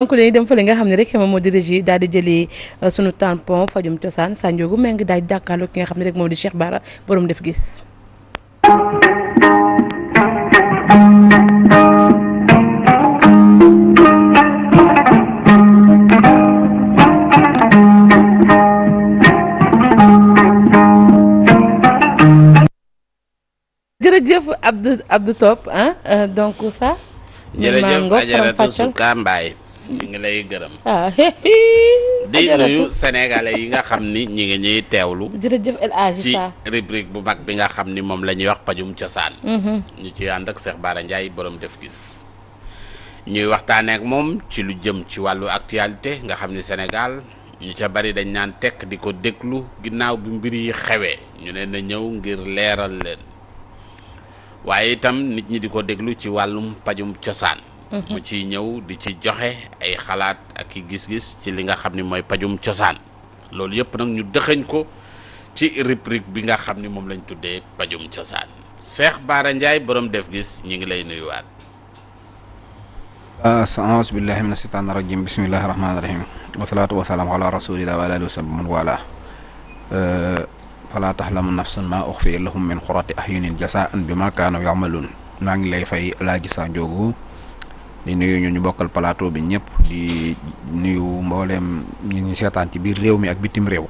donc dañuy dem fële nga xam ne rek moom moo di régie daal di jëlee euh, sunu tampon fajum cosaan sànjoogu meng daal di ki nga xam ne rek moom di Bara borom def gis. jërëjëf Top ah donc ça. ñu ngi lay gërëm. ah di nuyu sénégalais yi nga xam ni ñi ngi ñuy teewlu. jërëjëf El Hadj ci rubrique bu mag bi nga xam ni moom la ñuy wax pajum cosaan. Mm-hmm. ñu ci ànd ak Cheikh Bara Ndiaye borom def gis. ñuy waxtaanee moom ci lu jëm ci wàllu actualité nga xam ni Sénégal ñu ca bari dañ naan tekk di ko déglu ginnaaw bi mbir yi xewee ñu leen ñëw ngir leeral leen waaye itam nit ñi di ko déglu ci wàllum pajum cosaan. Mm-hmm. mu ci ñëw di ci joxe ay xalaat ak i gis-gis ci li nga xam ni mooy pajum cosaan loolu yëpp nag ñu dëxëñ ko ci rubrique bi nga xam ni moom lañ tuddee pajum cosaan Cheikh baara njaay borom def gis ñi ngi lay nuyuwaat. Ah, sa billahi mina shaytaani rajim bismillahi rahmaani rahim wasalaatu wasalaam ala rasulillah wa alihi wa sahbihi man wala eh, fala taxlamu nafsun ma uxfi jasaan bi ma kaanu yamaluun maa ngi lay fay laaji saa njoogu di nuyu ñu ñu bokkal plateau bi ñëpp di nuyu mbooleem ñu ñu seetaan ci biir réew mi ak bitim réew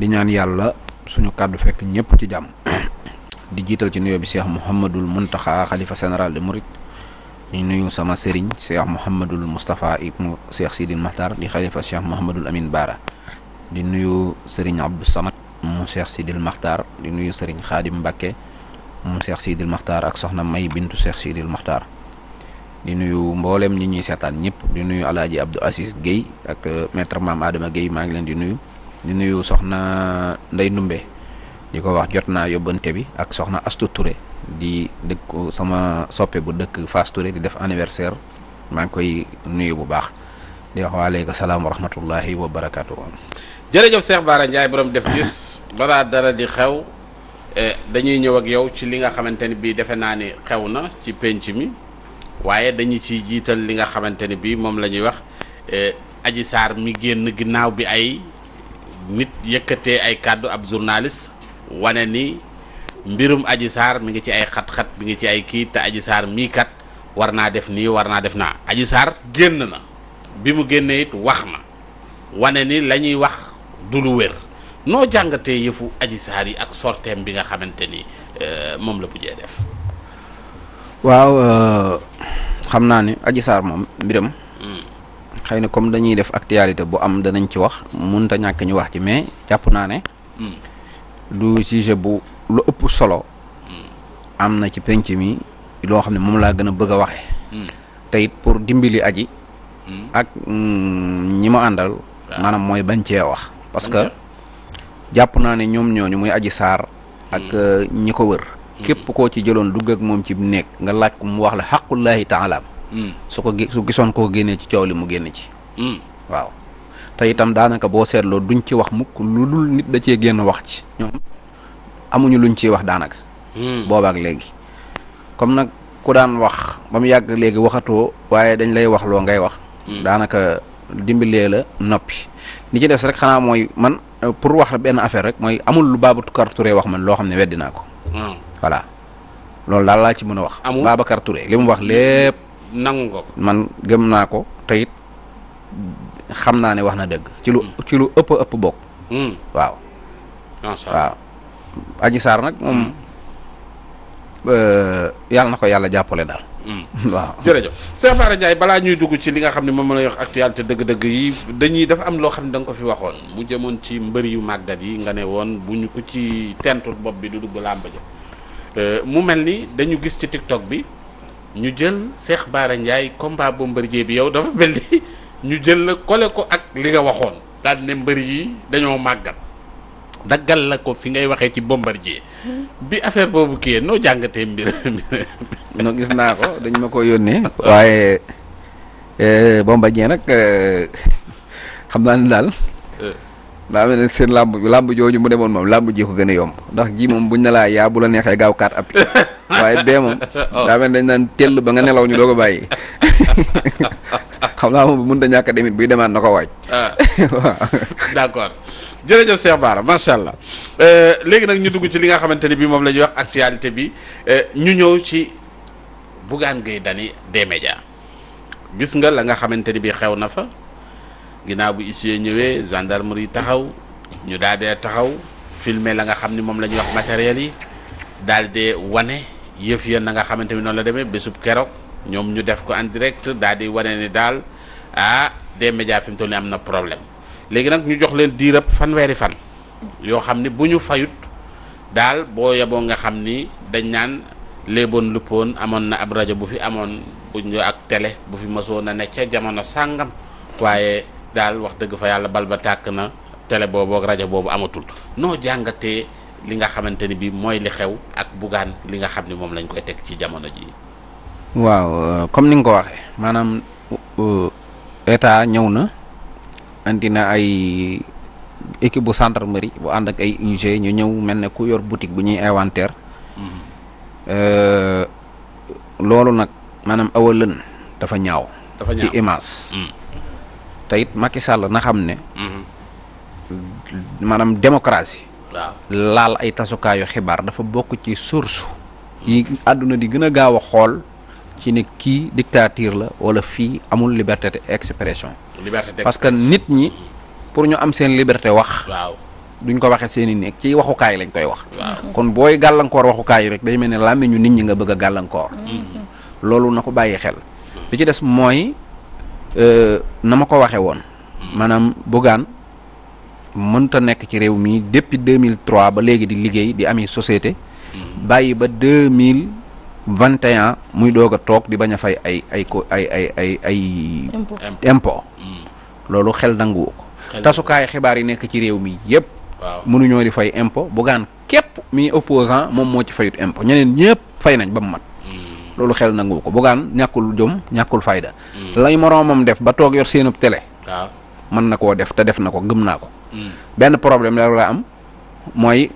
di ñaan yàlla suñu kàddu fekk ñëpp ci jàmm di jiital ci nuyoo bi Cheikh Mouhamadul Mountakha xalifa général de Mouride di nuyu sama sëriñ Cheikh Mouhamadul Moustapha ibnu Cheikh Sidil Makhtar di xalifa Cheikh Mouhamadul Amin Baara di nuyu sëriñ Abdou Samad mu Cheikh Sidil Makhtar di nuyu sëriñ Xaadim Mbacke mu Cheikh Sidil Makhtar ak soxna May bintu seex Sidil Makhtar di nuyu mbooleem ñi ñuy seetaan ñëpp di nuyu alaaji Abdou Assis Guèye ak euh, maître maam Adama Guèye maa ngi leen di nuyu di nuyu soxna Ndey Ndumbe di ko wax jot naa yóbbante bi ak soxna Astu Touré di dëkk sama soppe bu dëkk Fass Touré di def anniversaire maa ngi koy nuyu bu baax di wax waaleykum salaam wa rahmatullahi wa barakaatu. jërëjëf Cheikh Bara Ndiaye borom def gis balaa dara di xew eh, dañuy ñëw ak yow ci li nga xamante ni bii defe naa ni xew na ci penc mi. waaye dañu ci jiital li nga xamante ni bii moom la ñuy wax eh, Adji Sarr mi génn ginnaaw bi ay nit yëkkatee ay kàddu ab journaliste wane ni mbirum Adji Sarr mi ngi ci ay xat-xat mi ngi ci ay kii te Adji Sarr mii kat war naa def nii war naa def naa Adji Sarr génn na bi mu génnee it wax na wane ni lañuy wax dulu wér noo jàngatee yëfu Adji Sarr yi ak sorteem bi nga xamante ni eh, moom la bu jee def waaw euh, xam naa ni aji Sarr moom mbiram. Hmm. xëy na comme dañuy def actualité bu am danañ ci wax munta a ñàkk ñu wax ci mais jàpp naa ne. Hmm. du sujet bu lu ëpp solo. Hmm. am na ci penc mi loo xam ne moom laa gën a bëgg a waxee. te it pour dimbili aji. ak mm, ñi ma àndal. maanaam mooy bañ cee wax. parce que jàpp naa ne ñoom ñooñu muy aji Sarr. ak euh, ñi ko wër. képp koo ci jëloon dugg ak moom ci néeg nga laaj ko mu wax la xaqullahi taala hmm. su ko su gisoon koo génnee ci coow li mu génn ci hmm. waaw te itam daanaka boo seetloo duñ ci wax mukk lu dul nit da cee génn wax ci ñoom amuñu luñ ciy wax daanaka hmm. boobaak léegi comme nag ku daan wax ba yàgg léegi waxatoo waaye dañ lay wax loo ngay wax daanaka dimbalee la noppi ni ci des rek xanaa mooy man pour wax la benn affaire rek mooy amul lu Babacar Touré wax man loo xam ne weddi naa ko Hmm. voilà loolu daal laa ci mën a wax. amul Babacar Touré mu wax lépp. nangu nga man gëm naa ko te xam naa ne wax na dëgg. ci lu hmm. ci lu ëpp ëpp bokk. Hmm. waaw. waaw. Adji nag moom euh, yàlla na ko yàlla jàppale daal. Mm. waaw jërëjëf Cheikh balaa ñuy dugg ci li nga xam ne moom lay wax actualité dëgg-dëgg yi dañuy dafa am loo xam ne danga ko fi waxoon mu jëmoon ci mbër yu màggat yi nga ne woon bu ñu ko ci tentul bopp bi du dugg làmb ja euh, mu mel ni dañu gis ci TikTok bi ñu jël Cheikh compa Ndiaye mbër Bombardier bi yow dafa mel ni ñu jël la kole ko ak li nga waxoon daal ne mbër yi dañoo màggat daggal la ko fi ngay waxee ci bombardier bi affaire boobu kii noo jàngatee mbir no gis naa ko dañ ma ko yónnee waaye eh, bombardier nag eh, xam naa ne daal eh. daa mel ne seen làmb làmb jooju mu demoon moom làmb ji ko gën a yomb ndax ji moom buñ ne laa yaa la neexee gaaw kaat ab waaye bee moom oh. daa mel dañ naan tell ba nga nelaw ñu doo ko bàyyi xam naa moom bu mënut a ñàkk demit buy demaat na ko waaj ah. d'accord jërëjëf Cheikh Bara macha allah euh, léegi nag ñu dugg ci li nga xamante ni bii moom la ñuy wax actualité bi euh, ñu ñëw ci Bougane Gueye Dany des médias gis nga la nga xamante ni bii xew na fa ginnaaw bu huissier ñëwee gendarmerie taxaw ñu daal dee taxaw filmer la nga xam ni moom la ñuy wax matériel yi daal dee wane yëf yéen na nga xamante ni noonu la demee bésub keroog ñoom ñu def ko en direct daal di wane ni daal ah des médias fi mu toll nii am na problème. léegi nag ñu jox leen diirab fanweeri fan yoo xam ni bu ñu fayut daal boo yeboo nga xam ni dañ naan léeboon luppoon amoon na ab rajo bu fi amoon bu ak tele bu fi mësoon a ne ca jamono sàngam waaye daal wax dëgg fa yàlla bal ba tàkk na télé boobu ak rajo boobu amatul noo jàngatee li nga xamante ni bii mooy li xew ak bugaan li nga xam ni moom lañ koy teg ci jamono ji waaw euh, comme ni nga ko waxee maanaam euh, état ñëw na andi na ay équipe bu centre gendarmerie bu ànd ak ay UG ñu ñëw mel ne ku yor boutique bu ñuy inventaire euh, loolu nag maanaam awa dafa ñaaw ci image mm. te it na xam ne mm-hmm. maanaam démocratie waaw laal ay tasukaayu xibaar dafa bokk ci source yi àdduna di gën a xool ci ne kii dictature la wala fii amul liberté d'expression parce que nit ñi pour ñu am seen liberté wax waaw duñ ko waxee seen i nekk ci waxukaay lañ koy wax kon booy gàllankoor waxukaay yi rek dañ mel ne làmmiñu nit ñi nga bëgg a gàllankoor mm-hmm. loolu na ko bàyyi xel li ci des mooy euh, na ma ko waxee woon mm-hmm. maanaam Bougane mënta nekk ci réew mi depuis 2003 ba léegi di liggéey di ami société mm-hmm. bàyyi ba vingt et muy doog a toog di bañ a fay ay ay ko ay ay ay ay. impôt mm. loolu xel nanguwu ko. tasukaay xibaar yi nekk ci réew mi yëpp. waaw mënuñoo di fay impôt Bougane képp mi opposant moom moo ci fayut impôt ñeneen ñëpp fay nañ ba mu mat. Mm. loolu xel nanguwu ko Bougane ñàkkul jom ñàkkul fayda. Mm. lay moroomam def ba toog yor seenub télé. waaw mën na koo def te def na ko gëm naa ko. benn problème la la am mooy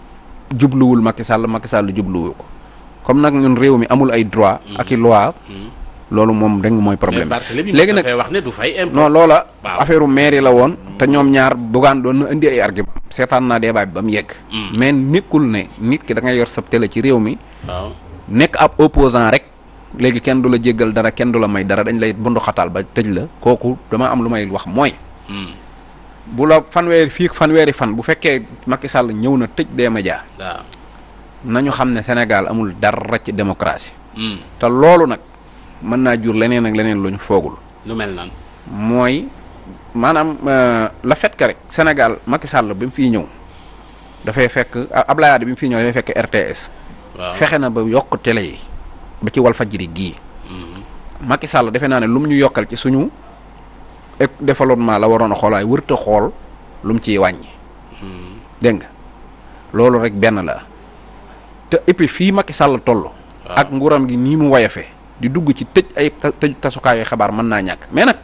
jubluwul Macky Sall Macky Sall jubluwu comme nag ñun réew mi amul ay droit mm-hmm. ak i mm-hmm. loolu moom rek mooy problème bi léegi nag wax ne du fay impôt non loola affaire maire la woon mm-hmm. te ñoom ñaar bugaan doon na indi ay argument seetaan naa débat bi ba mu yegg mais nekkul ne nit ki da ngay yor sab tele ci réew mi nekk ab opposant rek léegi kenn du la jéggal dara kenn du la may dara dañ lay bunduxataal ba tëj la kooku dama am lu may wax mooy bu la fanweeri fii fanweeri fan bu fekkee Macky Sall ñëw na tëj des médias nañu xam ne Sénégal amul dara ci démocratie. Hmm. te loolu nag mën naa jur leneen ak leneen luñ foogul. lu mel nan mooy maanaam euh, la fait que rek Sénégal Macky Sall bi mu fiy ñëw dafay fekk Abdoulaye Wade bi mu fiy ñëw dafay fekk RTS. fexe na ba yokk tele yi ba ci Walfadjri gii. Hmm. Macky Sall defe naa ne lu mu ñu yokkal ci suñu développement la waroon a xoolaay wërta xool lu mu ciy wàññi. Hmm. dégg nga loolu rek benn la. te et puis fii Macky Sall toll. ak nguuram gi nii mu wayafe di dugg ci tëj ay tëj tasukaayu xabaar mën naa ñàkk mais nag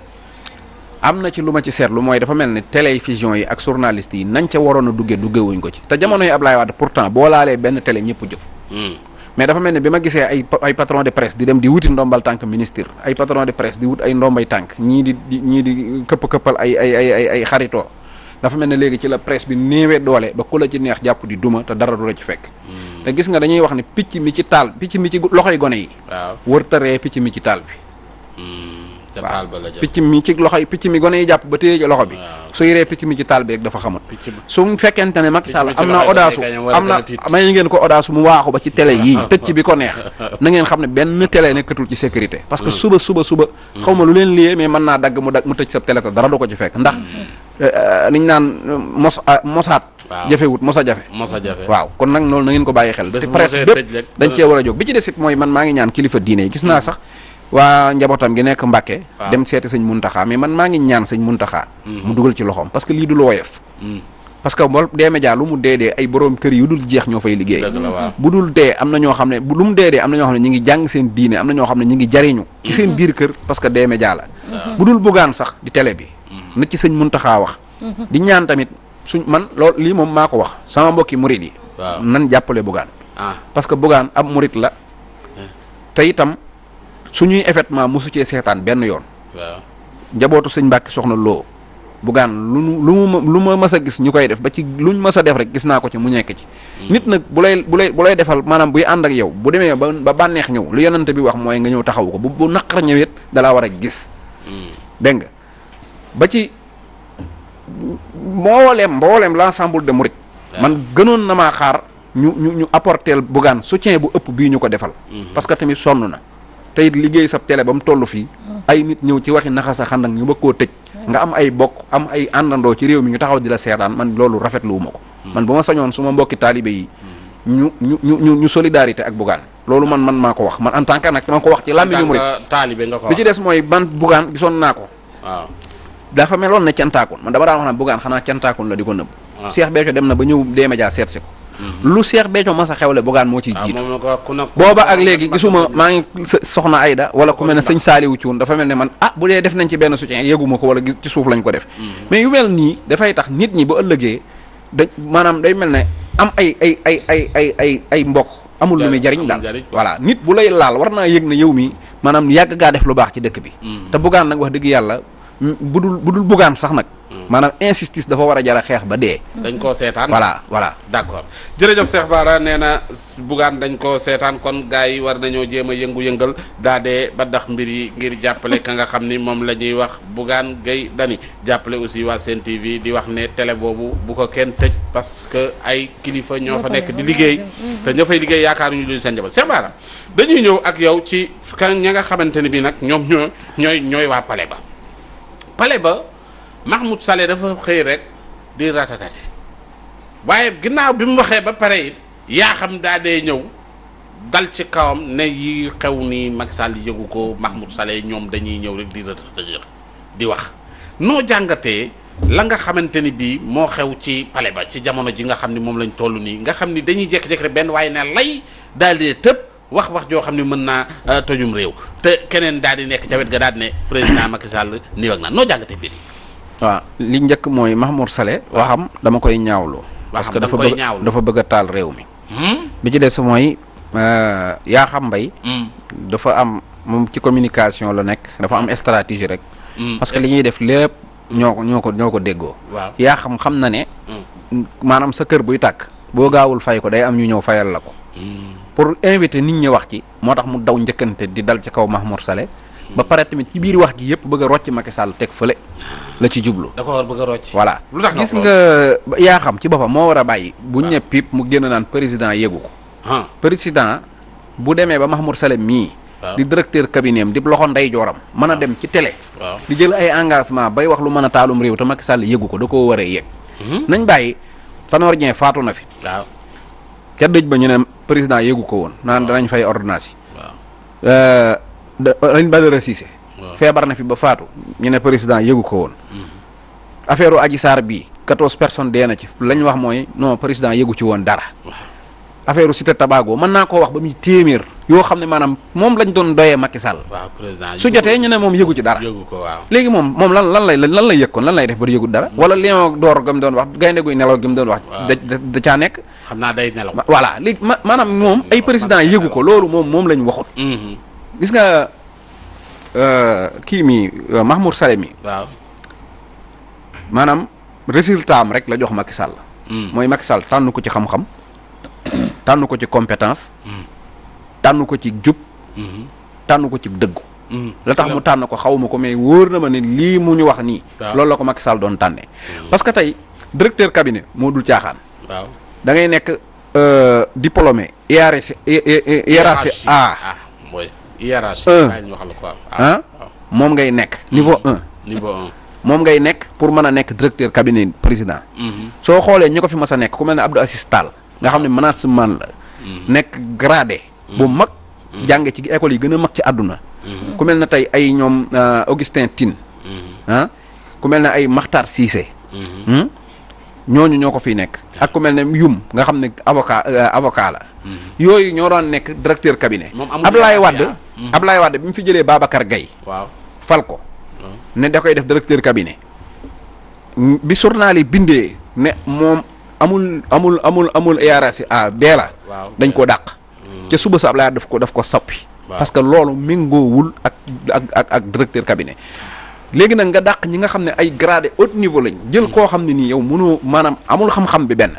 am na ci lu ma ci seetlu mooy dafa mel ni télévision yi ak journaliste yi nañ ca waroon a duggee wuñ ko ci te jamono yi Ablaye Wade pourtant boo laalee benn télé ñëpp jëf. Hmm. mais dafa mel ni bi ma gisee ay ay patron de presse di dem di wuti ndombal tànk ministre ay patron de presse di wut ay ndombay tànk ñii di di ñii di këpp këppal ay ay ay ay mel ne léegi ci la presse bi néewee doole ba ku ci neex jàpp di duma te dara la ci fekk. Hmm. te gis nga dañuy wax ni picc mi ci taal picc mi ci loxoy gone yi. waaw wërta ree picc mi ci taal bi. Hmm, te taal ba la picc mi picc mi gone yi jàpp ba téye ci loxo bi. suy ree picc mi ci taal bi rek dafa xamut. picc su fekkente ne mag Sall am na odaasu am na may ngeen ko odaasu mu waaxu ba ci télé yii tëcc bi ko neex na ngeen xam ne benn télé nekkatul ci sécurité. parce que hmm. suba suba suba. Hmm. xaw ma lu leen liyee mais mën naa dagg mu dagg mu tëj sa télé te dara du ko ci fekk ndax eh, eh, niñ naan eh, mos ah, mosaat. jafewut mos a jafe a jafe waaw kon nag loolu na ko bàyyi xel te presse bépp dañ cee war a jóg bi ci desit mooy man maa ngi ñaan kilifa diine yi gis naa hmm. sax waa njabootam gi nekk Mbàkke dem seeti sëñ Muntaxa mais man maa ngi ñaan sëñ Muntaxa hmm. mu dugal ci loxoom parce que lii du lu woyof hmm. parce que bol dee média lu mu dee dee ay borom kër yu dul jeex ñoo fay liggéey bu dul dee am na ñoo xam ne bu lu mu dee dee am na ñoo xam ne ñi ngi jàng seen diine am na ñoo xam ne ñi ngi jariñu ci seen parce que dee dul bugaan sax di télé bi na ci sëñ Muntaxa wax di ñaan suñ man lool lii moom maa ko wax sama mbokki murit yi. nan jàppale Bougane. ah parce que Bougane ab murit la. Eh. te itam suñuy effectivement mosu cee seetaan benn yoon. waaw njabootu sëñ Mbàkke soxna Lo. Bougane lu nu lu mu lu ma mës a gis ñu koy def ba ci luñ mës a def rek gis naa ko ci mu nekk ci. Hmm. nit nag bu lay bu lay bu lay defal maanaam buy ànd ak yow bu demee ba ba bànneex ñëw lu yonante bi wax mooy nga ñëw taxaw ko bu bu naqar ñëwet dalaa war a gis. Hmm. dégg nga mboolem mboolem laa ensemble de Mouride. man gënoon na maa xaar ñu ñu ñu apporter Bougane soutien bu ëpp bii ñu ko defal. Mhm. parce que tamit sonn na. tey liggéey sab tele ba mu toll fii. Mhm. ay nit ñëw ci waxi naxa sa xandak ñu bëgg koo tëj. nga am ay bokk am ay àndandoo ci réew mi ñu taxaw di la seetaan man loolu rafetluwu ma ko. Mhm. man bu ma sañoon su ma mbokki taalibe yi. ñu ñu ñu ñu solidarité ak Bougane loolu man man maa ko wax man en tant que nag dama ko wax ci làmmiñu Mouride. taalibe nga ko wax des mooy ban Bougane gisoon naa ko. waaw dafa meloon na cantaakun man dama daan wax naan bugaan xanaa cantaakun la di ko nëbb. waaw ah. Cheikh Béthio dem na ba ñëw D-Media seet si ko. Mhm. lu Cheikh Béthio mas a xewle bugaan moo ciy ah, jiitu. booba ak léegi gisuma maa ngi soxna Ayda wala ku mel ne sëñ Saliou Thioune dafa mel ne man ah bu dee def nañ ci benn soutien yëguma ko wala ci suuf lañ ko def. Mhm. mais yu mel nii dafay tax nit ñi ba ëllëgee da maanaam day mel ne am ay ay ay ay ay ay ay mbokk. amul lu muy jariñ daal voilà nit bu lay laal war naa yëg ne yow mi maanaam yàgg gaa def lu baax ci dëkk bi mhm. dëgg yàlla bu dul bu dul bugaan sax nag. Hmm. maanaam injustice dafa war a jara xeex ba dee. dañ koo seetaan voilà voilà. d' accord jërëjëf Cheikh Bara nee na bugaan dañ koo seetaan kon gars yi war nañoo jéem a yëngu-yëngal daa ba dax mbir yi ngir jàppale ka nga xam ni moom la ñuy wax bugaan gay dani jàppale aussi waa Sen TV di wax ne télé boobu bu ko kenn tëj parce que ay kilifa ñoo fa nekk di liggéey. Mm-hmm. te ñoo fay liggéey yaakaar ñu luñ seen jabar Cheikh Bara dañuy ñëw ak yow ci kan ña nga xamante ne bii nag ñoom ñoo ñooy ñooy waa ba. pale ba Mahmoud sale dafa xëy rek di ratatate waaye ginnaaw bi mu waxee ba pare it yaa xam daa dee ñëw dal ci kawam ne yi xew nii Macky Sall yëgu ko Mahmoud sale ñoom dañuy ñëw rek di ratatate di wax noo jàngatee la nga xamante ni bii moo xew ci pale ba ci jamono ji nga xam ni moom lañ toll nii nga xam ni dañuy jékki-jékki benn waaye ne lay daal di tëb wax wax joo xam ne mën naa euh, tojum réew te keneen daal di nekk ca ga daal di ne président Macky Sall nii ak naan noo jàngate biir waaw li njëkk mooy Mahmoud Saleh waxam dama koy ñaawlu. parce que dafa bëgg dafa bëgg a taal réew mi. Hmm? bi ci des mooy euh, yaa xam mbay. Hmm. dafa am moom ci communication la nekk. dafa am hmm. stratégie rek. parce que li ñuy def lépp ñoo ko ñoo ko ñoo ko déggoo. waaw yaa xam xam na ne. maanaam sa kër buy tàkk. boo gaawul fay ko day am ñu ñëw fayal la ko. pour inviter nit ñi wax ci moo tax mu daw njëkkante di dal ci kaw Mahmoud Saleh ba pare tamit ci biir wax gi yëpp bëgg a rocc Macky Sall teg fële la ci jublu d'accord bëgg a voilà lu tax gis nga yaa xam ci boppam moo war a bàyyi bu ne ah. pip mu génn naan président yëgu ko président bu demee ba Mahmoud sale mii ah. di directeur cabinet am di loxo ndey mën a ah. dem ci télé di jël ay engagement bay wax lu mën a taalum réew te Macky Sall yëgu ko da koo war a hmm? nañ bàyyi Tanor ca dëj ba ñu ne président yéegu ko woon. naan danañ fay ordonnance yi. waaw dañ ba resisé. feebar na fi ba faatu ñu ne président yéegu ko woon. Mm-hmm. affaire aji saar bi quatorze personnes dee na ci lañ wax mooy noo président yéegu ci woon dara. affaire cité Tabago mën naa koo wax ba muy téeméer yoo xam ne maanaam moom lañ doon doyee Macky Sall. waaw président ñu ne moom yëgu ci dara. yëgu ko waaw léegi moom moom lan lan lay lan lay yëg kon lan lay def ba yëgu dara. Mm-hmm. wala lion door gam doon wax gaynde guy nelaw gi mu doon wax. da da caa nekk. xam naa day nelaw voilà léegi ma maanaam moom ay président yëgu ko loolu moom moom la ñu waxut mm-hmm. gis nga euh, kii mi euh, Mahmoud Saleh mi maanaam résultat am rek la jox Macky Sall mm. mooy Macky Sall tànn ko ci xam tànn ko ci compétence mm. tànn ko ci jub mm-hmm. tànn ko ci dëggu mm. la tax mu tànn ko xawuma ko mais wóor na ma ni lii mu ñu wax nii loolu la ko Macky Sall doon tànnee parce que tey directeur cabinet moo dul caaxaan da ngay nekk euh, diplômé IRC IRC A mooy IRC ah moom ngay nekk mm. niveau un moom ngay nekk pour mën a nekk directeur cabinet président mm-hmm. soo xoolee ñi ko fi mas a nekk ku mel ne Abdou Assis Tall nga xam ne management la mm-hmm. nekk gradé bu mm-hmm. mag jànge ci école yi gën a mag ci àdduna ku mel na tey ay ñoom euh, Augustin Tine ah, ku mel ne ay Makhtar Cissé hmm? ñooñu ñoo ko fiy nekk ak ku mel ne yum nga xam ne avocat euh, avocat la mm-hmm. yooyu ñoo doon nekk directeur cabinet Ablaye Wade ah. Ablaye Wade bi mu fi jëlee Babacar gay waaw fal ko oh. ne da koy def directeur cabinet bi journal bindee ne moom amul amul amul amul ERC a bee la dañ ko dàq mm. ca suba sa Ablaye Wade daf ko daf ko sappi parce que loolu méngoowul ak ak ak ak directeur cabinet léegi nag nga dàq ñi nga xam ne ay gradé haut niveau lañ jël koo xam ne nii yow mënoo maanaam amul xam-xam bi benn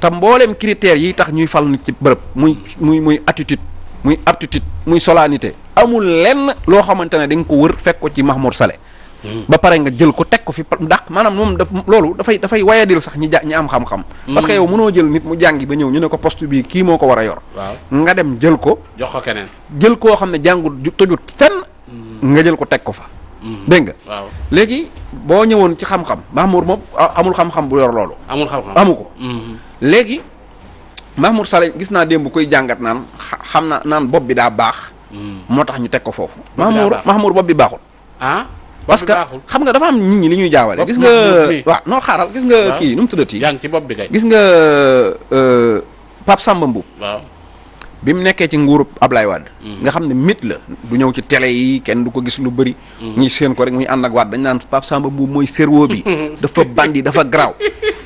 te mbooleem critères yi tax ñuy fal ci bërëb muy muy muy attitude muy aptitude muy solanité amul lenn loo xamante ne da nga ko wër fekk ko ci Mahmoud sale hmm. ba pare nga jël ko teg ko fi dàq maanaam moom daf loolu dafay dafay wayadil sax ñi ja ñi am xam-xam hmm. parce que yow mënoo jël nit mu jàngi ba ñëw ñu ne ko poste bii kii moo ko war a yor nga dem jël ko jox ko keneen jël koo xam ne jàngut tojut fenn hmm. nga jël ko teg ko fa dégg nga. léegi boo ñëwoon ci xam-xam Mahmour moom amul xam-xam bu yor loolu. amul xam-xam amu ko. Mm-hmm. léegi Mahmour Saleh gis naa démb koy jàngat naan xam na naan bopp bi daa baax. Mm-hmm. moo tax ñu teg ko foofu. Mahmour Mahmour bopp bi baaxul. ah parce que xam nga dafa am nit ñi li ñuy jaawale. gis nga waaw noo xaaral gis nga kii nu mu tuddati. yaa ngi ci bopp bi kay gis nga euh, Pape Samba Mboup. bi mu nekkee ci nguurub Ablaye Wade. Mm-hmm. nga xam ne mit la bu ñëw ci télé yi kenn du ko gis lu bëri. Mm-hmm. ñuy séen ko rek muy ànd ak Wade dañ naan Pape Samba Mboup mooy cerveau bi. dafa bandi dafa garaaw.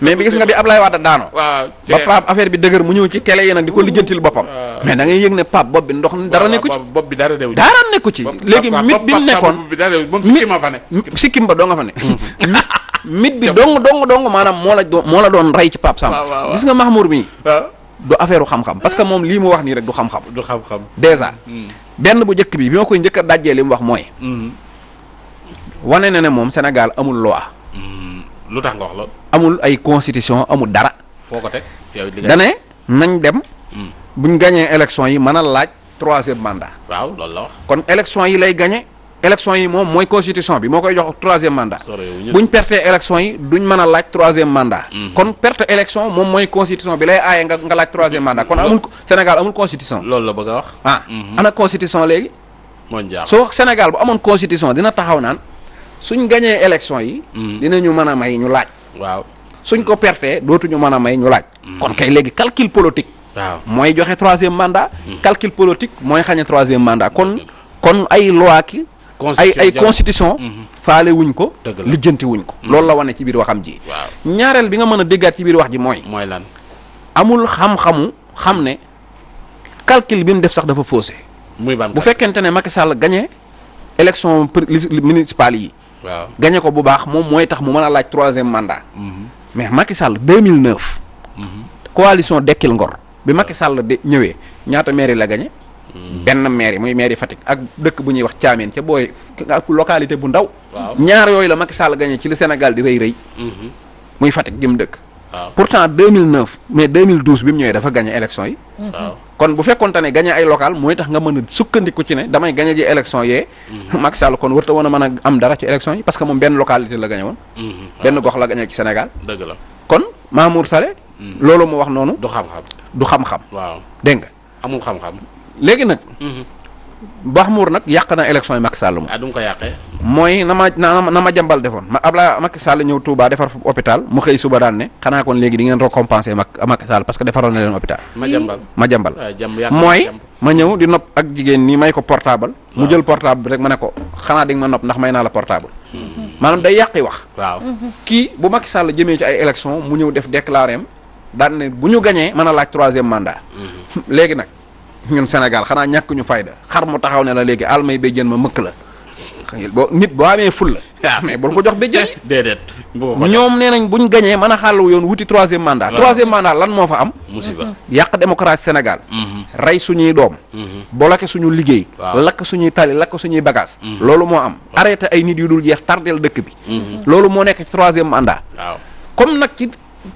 mais bi gis nga bi Ablaye Wade daanoo. waaw ba Pape affaire bi dëgër mu ñëw ci télé yi nag di ko lijjantil boppam. mais da ngay yëg ne Pape bopp bi ndox dara nekku ci. bopp bi dara dew dara nekku ci. léegi mit bi mu nekkoon bopp sikkim ba fa ne. Mm-hmm. mit bi dong dong dong maanaam moo la doon moo la doon rey ci Pape Samba. gis nga Mahmour mi du affaire xam-xam parce que moom lii mu wax nii rek du xam-xam. du xam-xam hmm. benn bu njëkk bi bi ma koy njëkk dajee dajjee mu wax mooy. Hmm. wane na ne moom Sénégal amul loi. Hmm. lu tax nga wax loolu. amul ay constitution amul dara. foo ko teg yow dane nañ dem. buñ gañee élection yi mën a laaj trois heures mandat. waaw loolu la wax kon élection yi lay gagné. élection yi moom mooy constitution bi moo koy jox troisième mandat buñ perte élection yi duñ mën a laaj troisième mandat mhm. kon perte élection mooy constitution bi lay aaye nga nga laaj troisième mandat kon amul Sénégal amul constitution loolu la a wax ah mhm. ana constitution léegi Sénégal bu amoon constitution dina taxaw naan suñ gañee élection yi mhm. dinañu mën a may ñu laaj waaw suñ ko dootuñu mën a may ñu laaj kon kay léegi calcul politique mooy joxe troisième mandat calcul politique mooy xañe troisième mandat kon kon ay loi ki ay ay constitution mhm. faale wuñ ko lijjanti wuñ ko mhm. loolu la wane ci biir waxam ji ñaareel bi nga mën a déggaat ci biir wax ji mooy mooy lan amul xam-xamu xam ne calcul bi mu def sax dafa faussé muy ban bu fekkente ne Macky Sall gagné élection municipale yi waaw ko bu baax moom mooy tax mu mën a laaj troisième mandat mhm. mais Macky Sall 2009 coalition Dekkil Ngor bi Macky Sall de ñëwee ñaata mairie la gagné benn maire yi muy maire yi Fatick ak dëkk bu ñuy wax Thiamène ca booy ak localité bu ndaw. ñaar yooyu la Macky Sall gagné ci li Sénégal di rëy rëy. Mhm. muy Fatick gi mu dëkk. pourtant 2009 mais 2012 bi mu ñëwee dafa gagné élection yi. Mhm. kon bu fekkonte ne gagné ay local mooy tax nga mën a sukkandiku ci ne damay gagné ji élection yee. Mhm. Macky Sall kon warta woon a mën a am dara ci élection yi parce que moom benn localité la gagné woon. benn gox la gagné ci Sénégal. dëgg la kon Mamour Salé. loolu mu wax noonu. du xam-xam du xam-xam. waaw dégg nga amul xam léegi nag. baax mhm. Baxmuur nag yàq na élection yi Macky Sall moom. ah ko yàqee. mooy na ma na ma jàmbal defoon ma Abdoulaye Macky Sall ñëw Touba defar hôpital mu xëy suba daan ne xanaa kon léegi di ngeen récompenser Macky Sall parce que defaroon na leen hôpital. ma jàmbal ma jàmbal. Ah, mooy ma ñëw di nopp ak jigéen nii may ko portable. mu jël portable rek ma ne ko xanaa di ma nopp ndax may naa la portable. Mhm. maanaam day yàqi wax. waaw kii bu Macky Sall jëmee ci ay élection mu ñëw def déclaré am daan ne bu ñu gañee mën a laaj troisième mandat mhm. léegi nag ñun Sénégal xanaa ñàkk ñu fayda xar mu taxaw ne la léegi almay béjjën ma mëkk la boo nit boo amee ful la. waaw ah. mais bul ko jox béjjën yi. déedéet ñoom nee nañ buñ gañee mën a xàll yoon wuti troisième mandat. troisième mandat lan moo fa am. musiba mm-hmm. yàq démocratie Sénégal. Mm-hmm. rey suñuy doom. Mm-hmm. bloqué suñu liggéey. lakk suñuy tali lakk suñuy bagage loolu moo am arrêté ay nit yu dul jeex tardeel dëkk bi. loolu moo nekk ci troisième mandat. comme nag ci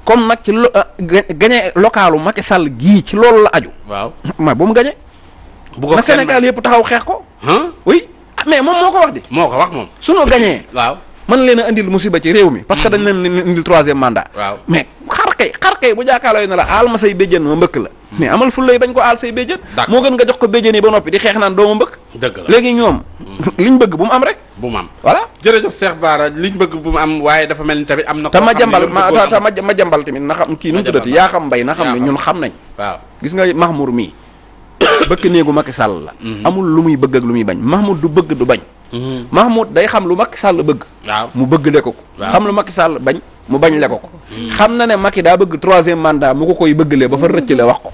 comme nag ci lo euh, gagné localu Macky Sall gii ci loolu la aju. waaw ma bu mu gagné. bu ko Sénégal yëpp taxaw xeex ko. oui ah, mais moom moo ko wax di. moo ko wax moom. su suñu gagné. waaw mën leen a indil musiba ci réew mi. parce que mhm. dañ leen indil troisième mandat. waaw mais xar kay xar kay bu jàkkaarloo na la aal ma say béjjën ma mbëkk la mais amal fu lay bañ ko aal say béjjën moo gën nga jox ko béjjën yi ba noppi di xeex naan doo ma mbëkk dëgg la léegi ñoom mm. liñ bëgg bu mu am rek bu mu am voilà jërëjëf Cheikh Bara liñ bëgg bu mu am waaye dafa mel ni tamit am na te ma jambal ma jambal tamit na xam kii nu mu tuddati yaa xam mbay na xam ne ñun xam nañ gis nga Mahmour mii bëkk néegu Macky sàll la mm-hmm. amul lu muy bëgg ak lu muy bañ Mahmoud du bëgg du bañ mm-hmm. Mahmoud day xam lu Macky sàll bëgg waaw mu bëgg le ko xam lu Macky Sall bañ mu bañ le ko ko xam na ne Macky daa bëgg troisième mandat mu ko koy bëggalee ba fa rëccale wax ko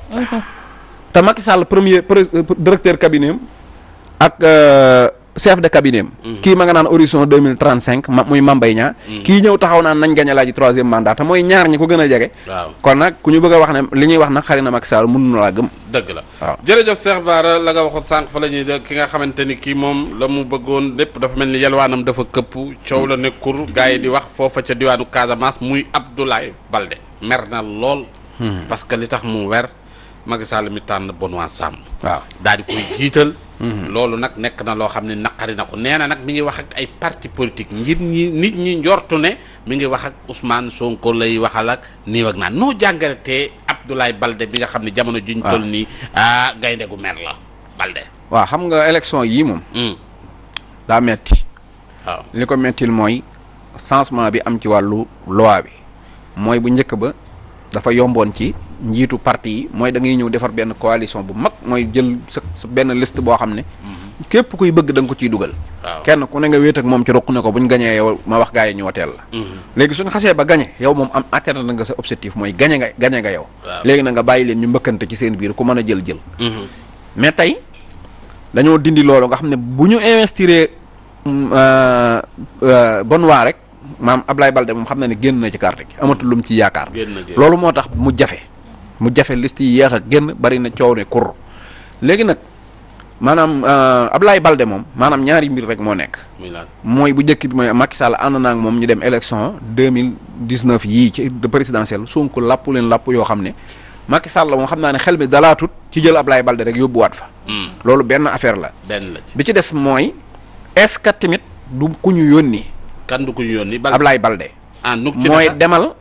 te Macky Sall premier euh, directeur cabinet am ak euh, chef de cabinet mhm. kii ma nga naan horizon deux mille trente cinq ma muy Mambay ñaa mhm. kii ñëw taxaw naan nañ gañe laaji troisième mandat mooy ñaar ñi ko gën a jege. waaw kon nag ku ñu bëgg a wax ne li ñuy wax nag xari na Macky Sall mënuñu laa gëm. dëgg la waaw jërëjëf Cheikh Bara la nga waxoon sànq fa la ñuy ki nga xamante ni kii moom la mu bëggoon lépp dafa mel ni yelwaanam dafa këpp coow la mm. nekkul gars yi di wax foofa ca diwaanu Casamance muy Abdoulaye Balde mer na lool. Mm. parce que li tax mu wer Macky Sall mi tànn Benoît Sambou. waaw Mm-hmm. loolu nag nekk na loo xam ne naqari na ko nee na nag mi ngi wax ak ay parti politique ngir ñi nit ñi njortu ne mi ngi wax ak Ousmane Sonko lay waxal ak nii ak naan noo jàngalatee Abdoulaye Balde bi nga xam ne jamono juñ ah. toll nii ah gaynde gu mer la Balde. waa xam nga élection yii moom. Mm. daa metti waaw li ko mettil mooy changement bi am ci wàllu loi bi mooy bu njëkk ba dafa yomboon ci. njiitu parti yi mooy dangay ñëw defar benn coalition bu mag mooy jël sa sa benn liste boo xam ne mhm. képp kuy bëgg da ko ciy dugal kenn ku ne nga wéet ak moom ci roq ne ko buñ gañee yow ma wax gaa yi ñu wateel la mhm. léegi suñ xasee ba gañe yow moom am atteindre na nga sa objectif mooy gañe nga gañe nga yow léegi na nga leen ñu mbëkkante ci seen biir ku mën a jël jël mhm. mais tey dañoo dindi loolu nga xam ne bu ñu investir mm, euh, euh, bonne voie rek maam Ablaye Balde moom xam na ne génn na ci carte gi amatul lu mu ci yaakaar loolu moo tax mu jafe mu jafe list yi yéex ak génn bari na coow ne kur léegi nag maanaam euh, Ablaye Balde moom maanaam ñaari mbir rek moo nekk. mooy bu jëkk bi mooy Macky Sall ànd naa ak moom ñu dem élection deux mille dix neuf yii ci présidentielle Sonko làpp leen làpp yoo xam ne Macky Sall moom xam naa ne xel mi dalaatut ci jël Ablaye Balde rek yóbbu waat fa. Hmm. loolu benn affaire la. benn la bi ci des mooy est-ce que tamit du ku ñu yónni. kan du ku ñu yónni Balde Ablaye Balde. Ah, mooy demal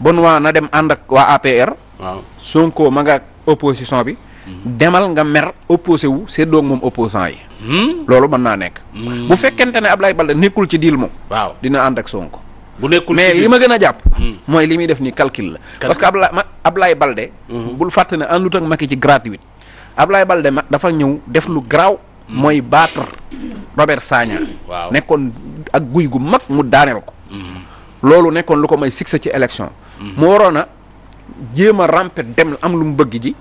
bon waa na dem ànd ak waa APR. waaw Sonko ma nga ak opposition bi. Mhm. demal nga mer opposé wu séddoo moom opposant yi. Hmm? loolu mën naa nekk. Hmm. bu fekkente ne Ablaye Balde nekkul ci deal moom. waaw dina ànd ak sonk bu nekkul mais li ma gën a jàpp. Hmm. mooy li muy def nii calcul la. parce que Ablaye Ablaye Balde. bul fàtte ne àndut ak Macky ci gratuite. Ablaye Balde ma dafa ñëw def lu garaaw. mooy battre Robert Sagna. waaw nekkoon ak guy gu mag mu daaneel ko. loolu nekkoon lu ko may succès ci élection. mu waroon jéem a rampe dem am lu mu bëgg ji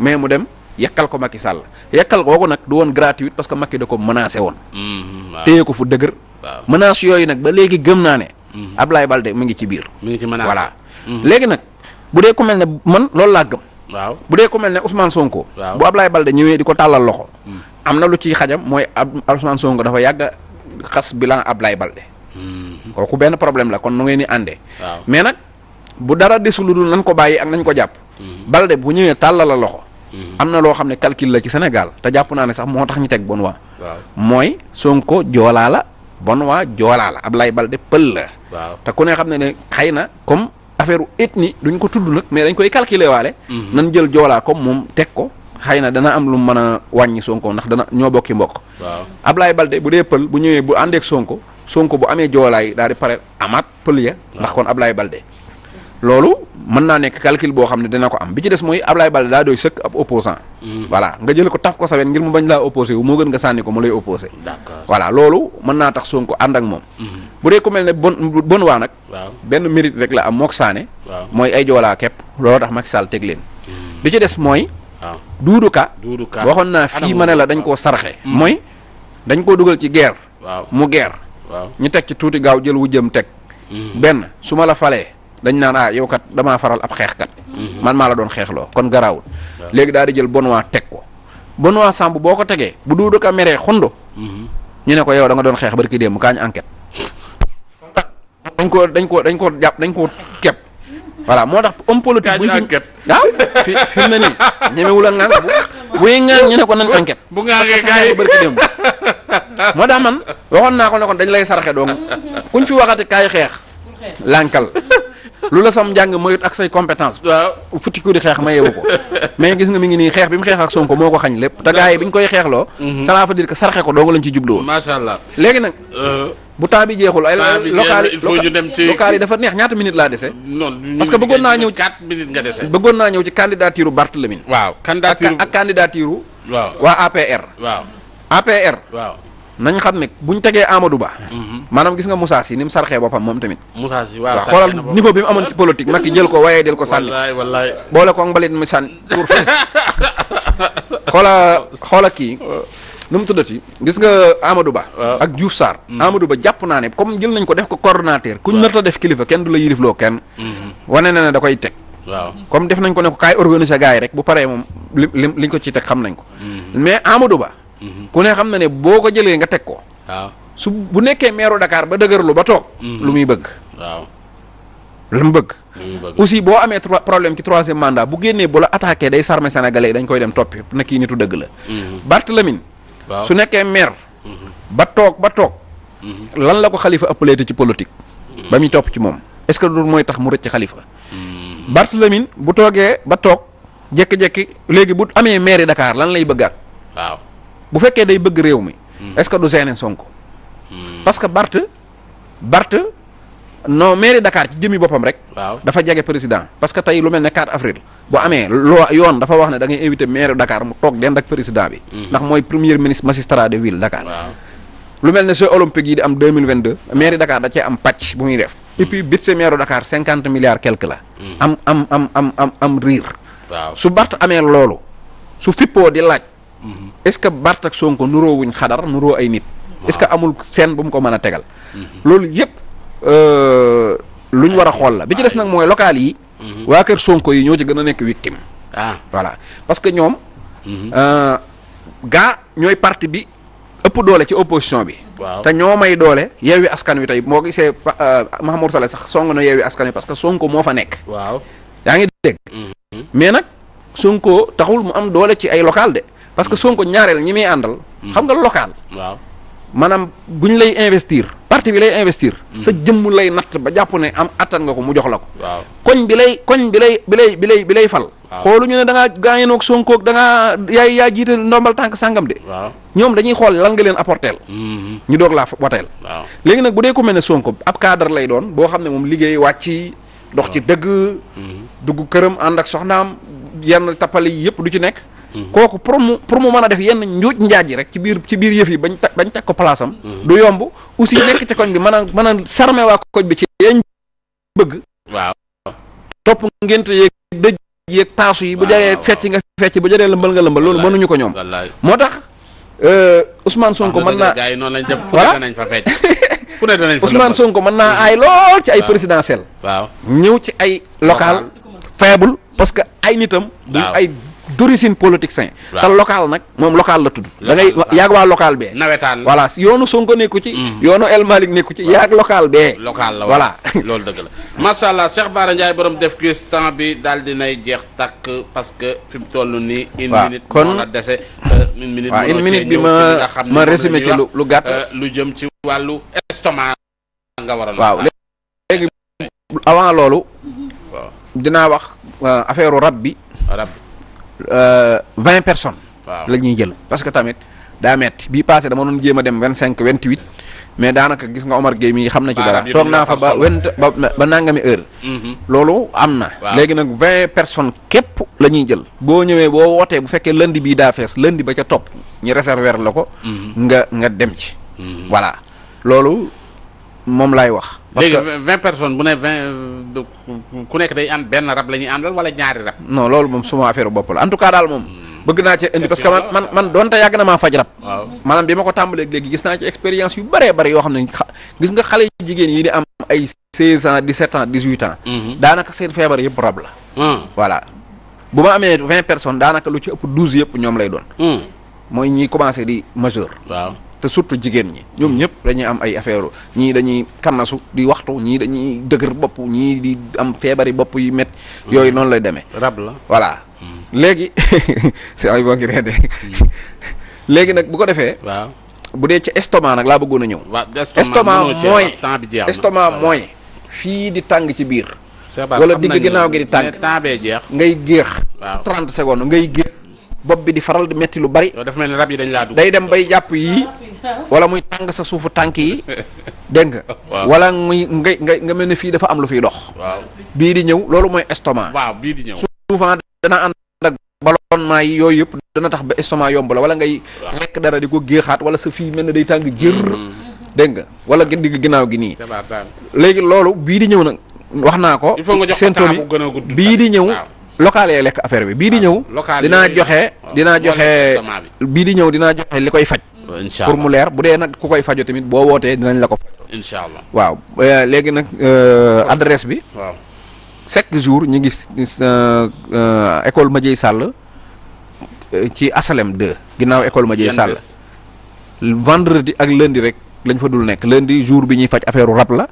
mais mu dem yekkal ko Macky Sall yekkal kooku nag du woon gratuite parce que makki da ko menacé woon. Mhm, téye ko fu dëgër. waaw menaces yooyu nag ba léegi gëm naa ne. Mhm. Ablaye Balde mu ngi ci biir. mu ngi ci menace voilà. Mhm. léegi nag bu dee ku mel ne man loolu laa gëm. waaw bu dee ko mel ne Ousmane Sonko. waaw bu Ablaye Balde ñëwee di ko tàllal loxo. am na lu ciy xajam mooy ab Ousmane Sonko dafa yàgg xas bilan Ablaye Balde. kooku benn problème la kon nu ngeen di àndee. mais bu dara desul lu dul nañ ko bàyyi ak nañ ko jàpp. Mhm. Balde bu ñëwee tàllala loxo. Mhm. am na loo xam ne calcul la ci Sénégal te jàpp naa ne sax moo tax ñu teg bon waa. waaw mooy Sonko joolaa la bon waa joolaa la Ablaye Balde pël la. waaw te ku ne xam ne ne xëy na comme affaire ethnie duñ ko tudd nag mais dañ koy calculer waale. Mhm. nañ jël joolaa comme moom teg ko. xëy na dana am lu mën a wàññi Sonko ndax dana ñoo bokki mbokk. waaw Ablaye bu dee pël bu ñëwee bu àndeek Sonko Sonko bu amee joolaay daal di pare amaat pël ya. ndax kon ab lay Balde. loolu mën naa nekk calcul boo xam ne dina ko am bi ci des mooy Ablaye Baldé daa doy sëkk ab opposant hmm. voilà nga jël ko tax ko sa wet ngir mu bañ laa opposé wu moo gën nga sànni ko mu lay opposé voilà loolu mën naa tax Sonko ànd ak moom hmm. bu dee ko mel ne bon bon waa nag benn mérite rek la am mook saane mooy ay joolaa képp loolu tax Macky Sall teg leen hmm. bi ci des mooy Doudou Ka waxoon naa fii ma ne la dañ koo saraxe mooy dañ koo dugal ci guerre mu guerre ñu teg ci tuuti gaaw jël wu jëm teg benn su ma la falee dañ naan ah yow kat damaa faral ab xeexkat. Mhm. man maa la doon xeexloo kon garaawul. léegi daal di bon Benoît teg ko Benoît Samb boo ko tegee bu Doudou Ka meree xundo. Mhm. ñu ne ko yow da doon xeex bari ki démb kaañ enquête. dañ ko dañ ko dañ ko jàpp dañ ko kepp voilà moo tax homme politique buy enquête waaw ah, fi fi a ngaan bu buy ngaan ñu ko nañ enquête bu ngaangee gars yi moo tax man waxoon naa ko ne kon lay saraxe donc kuñ fi waxati kaay xeex lànkal lu la sam njàng mayut ak say compétence futti ku di xeex ma yeewu ko mais gis nga mi ngi nii xeex bi mu xeex ak Sonko moo ko xañ lépp te gars yi bi ñu koy xeexloo mhm. ça veut dire que sarxe ko doonga lañ ci jubluwoon macha allah léegi nag euh, bu temps bi jeexul ay local il ñu dem ci local yi dafa neex ñaata minute laa dese non parce que bëggoon naa ñëw ci 4 minutes nga dese bëggoon naa ñëw ci candidature Barthélémy waaw candidature ak candidature waaw waa APR waaw APR waaw nañ xam ne ñu tegee Amadou Ba. Mhm. maanaam gis nga Moussa Sy ni mu sarxee boppam moom tamit. Moussa Sy waaw xoolal niveau bi mu amoon ci politique Macky jël ko waaye del ko sànni. wallaay wallaay boole ko mbalit mi sànni pour fële. xoola xoola kii. nu mu tuddati gis nga Amadou Ba. ak Diouf saar mhm. Amadou Ba jàpp naa ne comme jël nañ ko def ko coordonnateur. kuñ nar a def kilifa kenn du la yirifloo kenn. Mhm. wane na ne da koy teg. waaw comme def nañ ko ne ko kaay organiser gars yi rek bu paree moom liñ ko ci teg xam nañ ko. mais Amadou Ba. Mhm. ku ne xam na ne boo ko jëlee nga teg ko. su bu nekkee meeru dakaar ba lu ba toog. Mhm. lu muy bëgg. waaw lu mu bëgg. aussi boo amee problème ci troisième mandat bu génnee bu la attaqué day sarme sénégalais dañ koy dem toppi nag kii nitu dëgg la. Mhm. Barthélémy. waaw su nekkee maire. ba toog ba toog. lan la ko xalifa ëppalee ci politique. ba muy topp ci moom est-ce que loolu mooy tax mu rëcc xalifa. Barthélémy bu toogee ba toog jékki-jékki léegi bu amee maire dakaar lan lay bëggaat. waaw bu fekkee day bëgg réew mi. Hmm. est-ce que du gêner Sonko. Hmm. parce que Barth Barth non mairie Dakar ci jëmi boppam rek. waaw dafa jege président parce que tey lu mel ne 4 avril. bu amee loo yoon dafa wax ne da ngay invité maire Dakar mu toog dend ak président bi. Hmm. ndax mooy premier ministre magistrat de ville Dakar. waaw lu mel ne jeux olympiques yi di am 2022 mairie Dakar da cee am pàcc bu muy def. et puis budget maire Dakar 50 milliards quelque la. am am am am am am riir. waaw su Barth amee loolu su fippoo di laaj. est-ce que Bart ak Sonko nuroo wuñ xadar nuroo ay nit. est que amul seen bu mu ko mën a tegal. loolu yëpp euh, lu ñu war a xool la bi ci des nag mooy local yi. Mhm. waa kër Sonko yi ñoo ci gën a nekk victime. ah voilà parce que ñoom. Mhm. Euh, gaa ñooy parti bi ëpp doole ci opposition bi. waaw te ñoo may doole yeewi askan wi tey moo gisee euh, Mahamour Saleh sax song na yeewi askan wi parce que Sonko moo fa nekk. waaw yaa ngi dégg. Mhm. mais nag Sonko taxul mu am doole ci ay local de. parce que Sonko ñaareel ñi muy àndal. Hmm. xam nga local. waaw maanaam bu ñu lay investir. parti bi lay investir. Hmm. sa jëmm lay natt ba jàpp ne am attan nga ko mu jox la ko. waaw koñ bi lay koñ bi lay bi lay fal. xoolu ñu ne da ngaa gaañoon ak danga ak yaay yaa jiite ndombal tànk sàngam de. ñoom dañuy xool lan nga leen apporteel hmm. ñu doog laa wateel. léegi nag bu dee ku mel ne Sonko ab cadre lay doon boo xam ne moom liggéey wàcc. dox ci dëgg. dugg këram ànd ak soxnaam yenn tappale yëpp du ci nekk. Mhm. kooku pour mu pour mu mën a def yenn njuuj njaaj yi rek ci biir ci biir yëf yi bañ bañ teg ko place am mhm. du yomb aussi nekk ci koñ bi man a mën a sarme waa ko bi ci yeñ bëgg waaw topp ngénte yeeg dëj taasu yi bu jaree fecc nga fecc bu jaree lëmbal nga lëmbal loolu mënuñu ko ñoom moo tax Ousmane Sonko mën naa voilà Ousmane Sonko mën naa ay lool ci ay présidentielle waaw ñëw ci ay local faible parce que ay nitam duñ ay d'origine politicien te local nag moom local la tudd da ngay yaag waa local bee nawetaan voilà yoonu Sonko nekku ci mm. yoonu El Malick nekku ci yaag local bee local la voilà loolu dëgg la macha allah Cheikh Bara Ndiaye borom def gis temps bi daal dinay jeex takk parce que fi mu toll nii une minute kon la dese euh, bi ma ma résumé ci lu lu gàtt euh, lu jëm ci wàllu estomac war a waaw léegi avant loolu dinaa wax euh, affaire u rab bi Euh, vingt personnes. waaw la ñuy jël parce que tamit daa metti bii passé dama doon jéem a dem vingt cinq vingt huit mais daanaka gis nga Omar Gueye mii xam na ci dara toog naa fa ba went ba ba nangami heure mm-hmm. loolu am na léegi nag vingt personnes képp la ñuy jël boo ñëwee boo wootee bu fekkee lundi bii daa fees lundi ba ca topp ñu réserver la ko mm-hmm. nga nga dem ci mm-hmm. voilà loolu moom laay wax. léegi vingt personnes bu euh, nekk day am benn rab la ñuy àndal wala ñaari rab. non loolu moom suma affaire bopp la en tout cas daal moom. bëgg naa ci parce que man man man yàgg na maa faj rab. waaw maanaam bi ko tàmbalee léegi gis naa ci expérience yu bëree bëri yoo xam ne gis nga xale jigéen yi di am ay seize ans dix-sept ans dix-huit ans. Mhm. daanaka seen feebar yëpp rab la. Hmm. voilà bu ma amee vingt personnes daanaka lu ci ëpp douze yëpp ñoom lay doon. Hmm. te surtout jigéen ñi ñoom ñëpp dañuy am ay affaire ñii dañuy kannasu di waxtu ñii dañuy dëgër bopp ñii di am feebari bopp yu met yooyu noonu lay demee rab la voilà mm. léegi si ay boo ngi reede mm. léegi nag bu ko defee waaw bu dee ci estomac nag laa bëggoon a ñëw estomac mooy estomac mooy fii di tàng ci biir wala digg ginnaaw gi di tàng ngay géex trente secondes ngay géex bopp bi di faral di metti lu bari. dafa ni rab yi dañ laa day dem bay jàpp yii wala muy tàng sa suufu tànk yi dégg nga. wala muy nga nga mel ne fii dafa am lu fiy dox. waaw bii di ñëw loolu mooy estomac. waaw bii di ñëw souvent dana ànd ak ballonnement yi yooyu yëpp dana tax ba estomac yomb wala ngay. rekk dara di ko géexaat wala sa fi mel na day tàng jër. Mm-hmm. dégg nga wala digg ginnaaw gi nii. léegi loolu bii di ñëw nag. wax naa ko. il faut nga jox ko bii di ñëw. local yee lekk affaire bi bii di ñëw. dinaa joxe dinaa joxe bii di ñëw dinaa joxe li koy faj. pour mu leer bu dee nag ku koy fajo tamit boo wootee dinañ la ko faj. incha waaw eh, léegi nag eh, adresse bi. waaw chaque jour ñu ngi eh, école Madieye sàll ci asalem 2. ginnaaw école Madieye Sall. vendredi ak lundi rek lañ fa dul nekk lundi jour bi ñuy faj affaire rab la.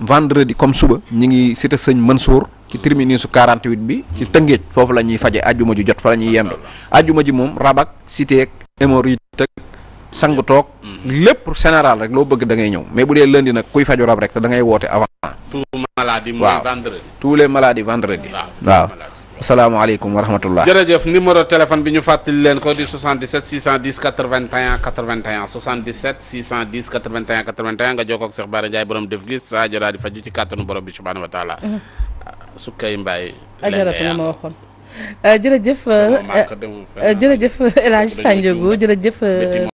vendredi comme suba ñi ngi cité sëñ Mansour ci terminus 48 bi ci Tëngéej foofu la ñuy faje ajjuma ji jot fa la ñuy yendu ajjuma ji moom Rabat cité ak hémorroïde ak sangu toog lépp général rek loo bëgg dangay ñëw mais bu dee lundi nag kuy faju rab rek te da ngay woote avant tous maladies mooy vendredi waaw les maladies vendredi waaw asalaamaaleykum wa rahmatullah jërëjëf numéro téléphone bi ñu fàttali leen ko di 77 610 81 81 77 610 81 81 nga jokkoo ak Cheikh Bara Ndiaye borom def gis sa aajo daal di faju ci kàttanu borom bi subhaanahu wa taala mhm. ah, sukkay mbaay ajaratu na ma waxoon euh, jërëjëf euh, euh, jërëjëf El Hadj Sanjogu jërëjëf